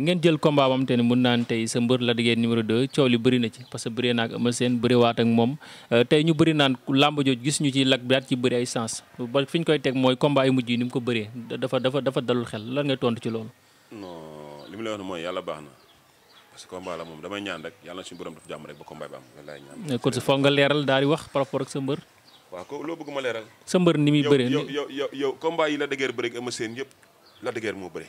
ngeen jël combat bam tane mën mun tay sa mbeur la digeen numéro 2 ciow li bëri na ci parce que bëree na ak Sène bëri waat ak mom eh, tay ñu bëri nan lamb joj gis ñu ci lak biat ci bëri ay sens ba fiñ koy tek moy combat yu mujj nim ko bëree dafa dafa dafa dalul xel lan nga tontu ci lool non li lay wax moy yalla baxna parce que combat la mom damay ñaan rek yalla suñu borom dafa jàmm rek ba combat bam wallahi ñaan eh, ko ci fo nga leral daari wax par rapport ak sa mbeur wa ko lo bëgguma leral sa mbeur ni mi bëree yow yow yow combat yi la dëggeer bëri ak Eumeu Sène la dëggeer mo bëri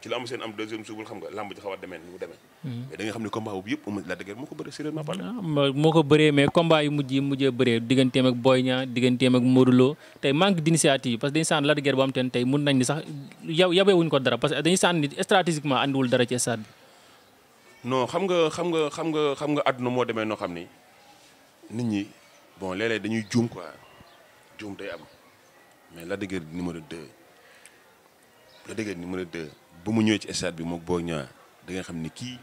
ci la am seen am deuxième suubul xam nga lamb ji xaw a demee ni mu demee. Hmm. mais da xam ne combat boobu yëpp Eumeu Lac de Guiers moo ko bëree sérieusement parlé. Ah, moo ko bëree mais combat yu mujj yi mujjee bëree digganteem ak Boy Niang digganteem ak Modou Lo tey manque d'initiative parce que dañu saan Lac de Guiers boo am teen tey mun nañ ni sax yow yabewuñ ko dara parce que dañu saan ni stratégiquement andiwul dara ci stade bi. non xam nga xam nga xam nga xam nga àdduna moo demee noo xam ni nit ñi bon léeg dañuy juum quoi juum day am mais Lac de Guiers numéro 2 Lac de Guiers numéro 2. ba mu ñëwee ci stade bi moog Boy ñaa da nga xamni ki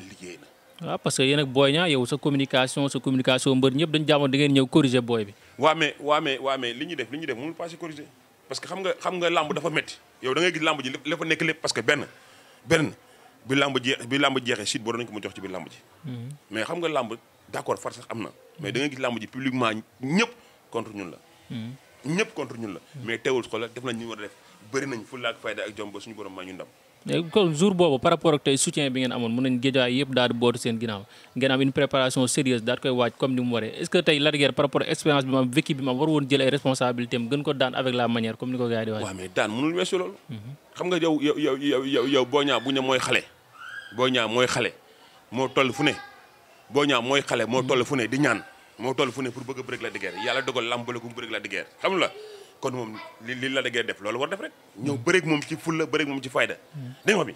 liggéey na. wa parce que yeen ak Boy ñaa yow sa communication sa communication mbeur ñëpp dañu jaamoon da ngeen ñëw corriger boy bi. wa mais wa mais wa mais li ñuy def li ñuy def mënu pas corriger parce que xam nga xam nga lamb dafa metti yow da ngay gis lamb ji la fa nek lepp parce que ben ben bi lamb ji bi làmb jeexee site bo doon ko mu jox ci bi lamb ji. Mhm. mais xam nga lamb d'accord far sax am mais da ngay gis lamb ji publiquement ñëpp contre ñun la. Mhm. ñëpp contre ñun la. Mhm. mais teewul xoolal def nañ ñu wara def. bëri nañ fulla ak fayda ak jom ba suñu borom ma ñu ndam. kon jour boobu par rapport ak tey soutien bi ngeen amoon mën nañ géejawaay yëpp daal di bootu seen ginnaaw ngeen am une préparation sérieuse daal koy waaj comme ni mu waree est ce que tey Lac de par rapport expérience bi ma am vécu bi ma am war woon jël la manière comme ni ko gars yi di waaj waaw mais daan mënul weesu loolu mhm. xam nga yow yow yow yow yow yow Boy Niang bu ne mooy xale Boy Niang mooy xale moo toll fu ne Boy Niang mooy xale moo mhm. toll fu di ñaan moo toll fu ne pour bëgg a lam bala ko mu bëre Lac la kon moom li li la dëggee def loolu war def rek. ñëw bëreeg moom ci fulla bëreeg moom ci fayda. dañ ko bi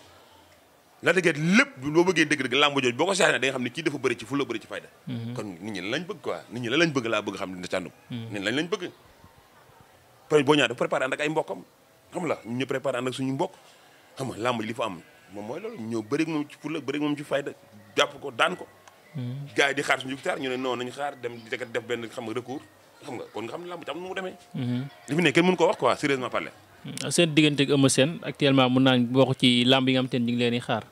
la dëggee lépp boo bëggee dëgg dëgg làmb jooju boo ko seetaanee da xam ne ci fulla bëri ci fayda. Mhm. kon nit ñi lañ bëgg quoi nit ñi la lañ bëgg laa bëgg xam ne tànn ko. Mhm. nit lañ lañ boo ñëwaat dafa préparé ànd ak ay xam la ñu préparé ànd suñu mbokk xam nga làmb ji li fa am moom mooy loolu ñëw bëreeg moom ci fulla bëreeg moom ci fayda jàpp ko daan ko. Mhm. gars yi di xaar suñu victoire ñu ne non nañu xaar dem di def benn xam nga recours xam nga kon nga xam ne lamb ci nu mu demee. Mhm. li fi ne kenn mënu ko wax quoi sérieusement parler. Mm. seen diggante ak actuellement mun naa bokk ci lamb yi nga xam te ne ñu xaar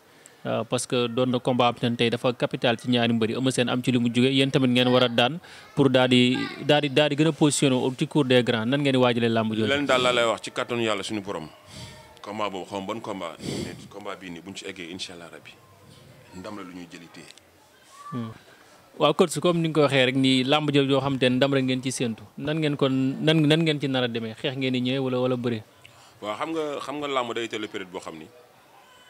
euh, parce que doon na combat bi tey dafa capital ci ñaari mbëri Eumeu am ci li mu jógee yéen tamit ngeen war a daan pour daal di daal di daal di gën a ci cour des grands nan ngeen di leen daal laa lay wax ci kàttanu yàlla suñu borom. combat boobu xam ban combat combat ko ci comme ni ngi ko waxee rek ni lamb jël jo xam te ndam rek ngeen ci sentu nan ngeen kon nan nan ngeen ci nara a xex ngeen ni ñëwee wala wala bëré wa xam nga xam nga lamb day télé période bo xamni ni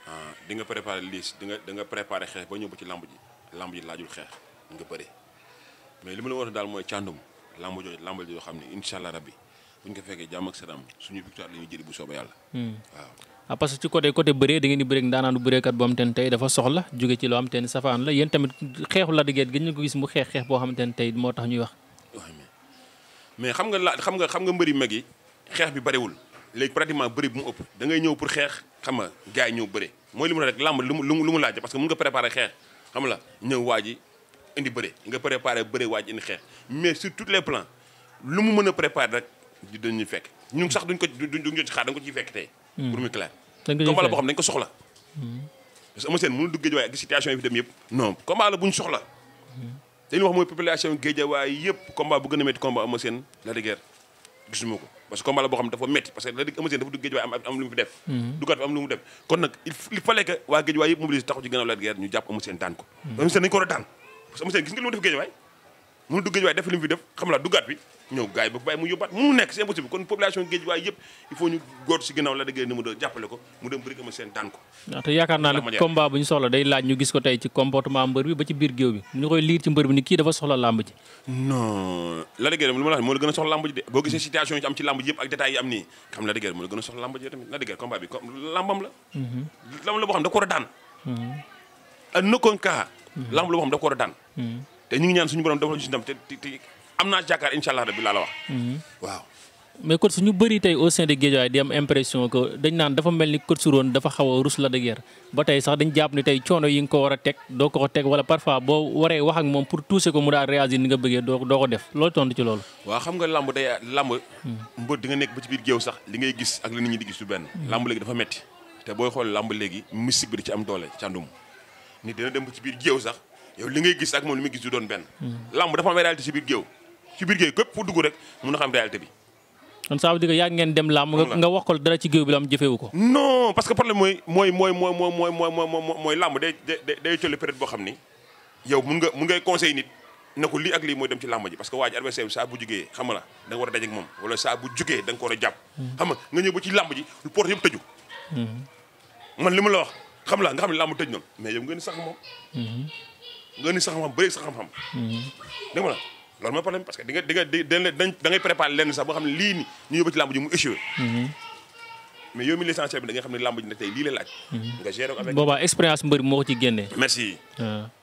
ah, di nga préparer liste di nga di nga préparer xex ba ñëw ba ci lamb ji lamb ji lajul xex nga bëré mais limu la wax dal moy ciandum lamb jo lamb jo xamni ni rabbi buñ ko fekkee jàmm ak salam suñu victoire bu apa su ci côté côté bëree da ngeen di du ndaanaanu kat bu am ne tey dafa soxla jóge ci loo am ne safaan la yéen tamit xeexu la de gën ñu ko gis mu xeex xeex boo xam ne tay moo tax ñuy wax mais xam nga la xam nga xam nga mbëri mag yi xeex bi bëriwul léegi pratiquement bëri bu mu ëpp da ngay ñëw pour xeex xam nga gaay ñëw bëri mooy li mu rek lamb lu mu lu mu laaj parce que mun nga préparer xeex xam la ñëw waa indi bëri nga préparer bëri waa indi xeex mais sur tous les plans lu mu mën a préparer rek dañuy fekk ñun sax duñ ko duñ ko ci xaar dañ ko ciy fekk tey hmm. pour mu clair combat la boo xam dañ ko soxla parce que Eumeu Sène dugg géejawaay ak situation yi fi dem yëpp non combat la bu ñu soxla te li wax yëpp combat bu a métti la de guerre gisuma ko parce que boo xam dafa métti parce que la dëgg dugg géejawaay am lu mu fi def mhm. duggaat fi am lu mu def kon nag il fallait que waa géejawaay yëpp mobilisé taxu ci gën a la de guerre ñu jàpp Eumeu Sène daan ko Eumeu dañ ko war daan parce que gis nga li mu def géejawaay mënu dugg Géejawaay def li mu fi def xam laa duggaat bi ñëw gars ba bàyyi mu yóbbaat mënu nekk c'est impossible kon population Géejawaay yëpp il faut ñu góor si ginnaaw la da numéro deux jàppale ko mu dem bëri ama seen daan ko te yaakaar naa ne combat bu a soxla a soxla lamb mhm. la boo xam da ko war a nëkkoon kaa lamb la boo xam da ko war te ñu ngi ñaan suñu borom dafa ñu si ndam te te am naa jàkkaar incha allah rabbi laa la wax. Mhm. waaw. mais coach ñu bëri tey au sein de Guédiawaye di am impression que dañ naan dafa mel ni coach roon dafa xaw a rus la de guerre ba tey sax dañ jàpp ni tey coono yi nga ko war a teg doo ko teg wala parfois boo waree wax ak moom pour toucher ko mu daal réagir ni nga bëggee doo ko def loolu tontu ci loolu. waaw xam nga làmb day làmb. Mhm. mbër di nga nekk ba ci biir géew sax li ngay gis ak li nit ñi di gis du benn. Mhm. làmb léegi dafa metti te booy xool làmb léegi musique bi di ci am doole càndum nit dina dem ci biir géew sax yow li ngay gis ak moom li muy gis du doon benn. lamb dafa am réalité ci biir géew ci biir géew képp dugg rek mun a xam réalité bi. kon ça veut dire ngeen dem lamb nga wax ko dara ci géew bi lam jëfewu ko. non parce que problème mooy mooy mooy mooy mooy mooy mooy lamb day day day boo xam ni yow mun nga mun ngay conseil nit. ne ko lii ak lii dem ci làmb ji parce que waa ji adversaire bi bu jugee xam la da war a dajeek moom wala saa bu jugee da nga ko war a jàpp. xam nga nga ñëw ba ci làmb ji lu porte yëpp tëju. Mhm. man li ma la wax xam la nga xam ne làmb tëj na mais yow ngeen sax moom. Mhm. nga ni sa xam-xam bëri sa xam-xam. Mm-hmm. dégg nga loolu mooy problème parce que di nga di nga sax boo xam ne lii nii ñu yóbbu ci làmb ji mu échoué. Mm-hmm. mais yow mi l'essentiel bi da nga xam ne làmb ji tey lii la laaj. Mm-hmm. nga gérer ko avec boobaa expérience mbër moo ci génnee. merci. Ah.